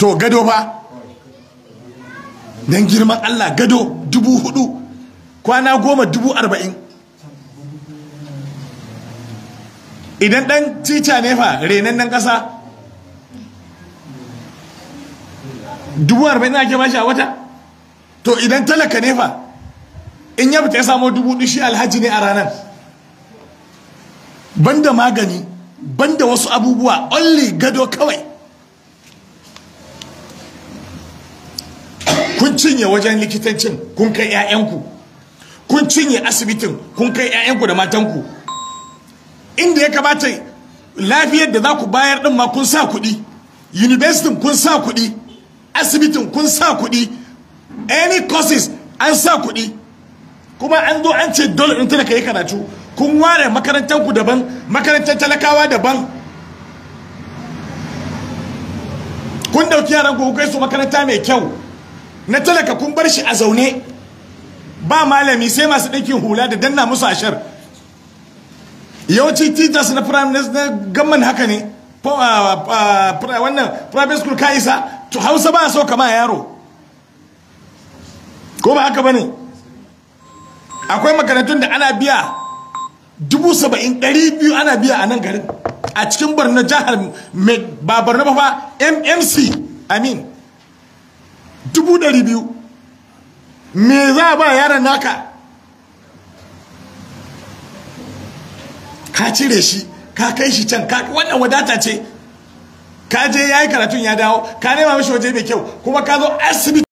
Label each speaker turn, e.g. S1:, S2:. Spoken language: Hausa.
S1: to gado ba don girman Allah gado dubu hudu kwana goma dubu arba'in idan dan tica ne fa renan nan kasa dubu arba'in ake bashi a wata to idan talaka ne fa in ya fita ya samo dubu dushi alhaji ne a ranar banda magani banda wasu abubuwa only gado kawai kun cinye wajen likitancin kun kai 'ya'yanku kun cinye asibitin kun kai 'ya'yanku da matanku inda ya kamata lafiyar da za ku bayar din ma kun sa kuɗi universitin kun sa kuɗi asibitin kun sa kuɗi any courses an sa kuɗi kuma an zo an ce dole in tana kai karatu kun ware makarantar ku daban makarantar talakawa daban kun dauki yaran ku kai su makaranta mai kyau na talaka kun bar shi a zaune ba malami sai masu ɗinkin hula da danna musu ashar yawanci titas na gamman haka ne ah, ah, wannan private school ka isa to hausa ba so kama yaro ko ba haka ba ne akwai makarantun da ana biya dubu saba'in ɗari biyu ana biya a nan garin a cikin barna jihar ba barna ba fa mmc amin dubu ɗari biyu me za a ba yaron naka ka cire shi ka kai shi can wannan wadata ce ka je ya yi karatun ya dawo ka nema mashi waje mai kyau kuma ka zo asibiti